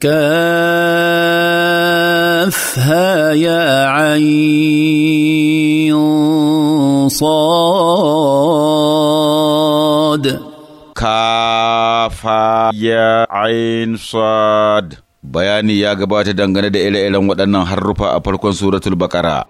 كافها يا عين صاد كافها يا عين صاد بياني يا جبات دانغنا دي إلى إلى مدنا حرفا أبلكون سورة البقرة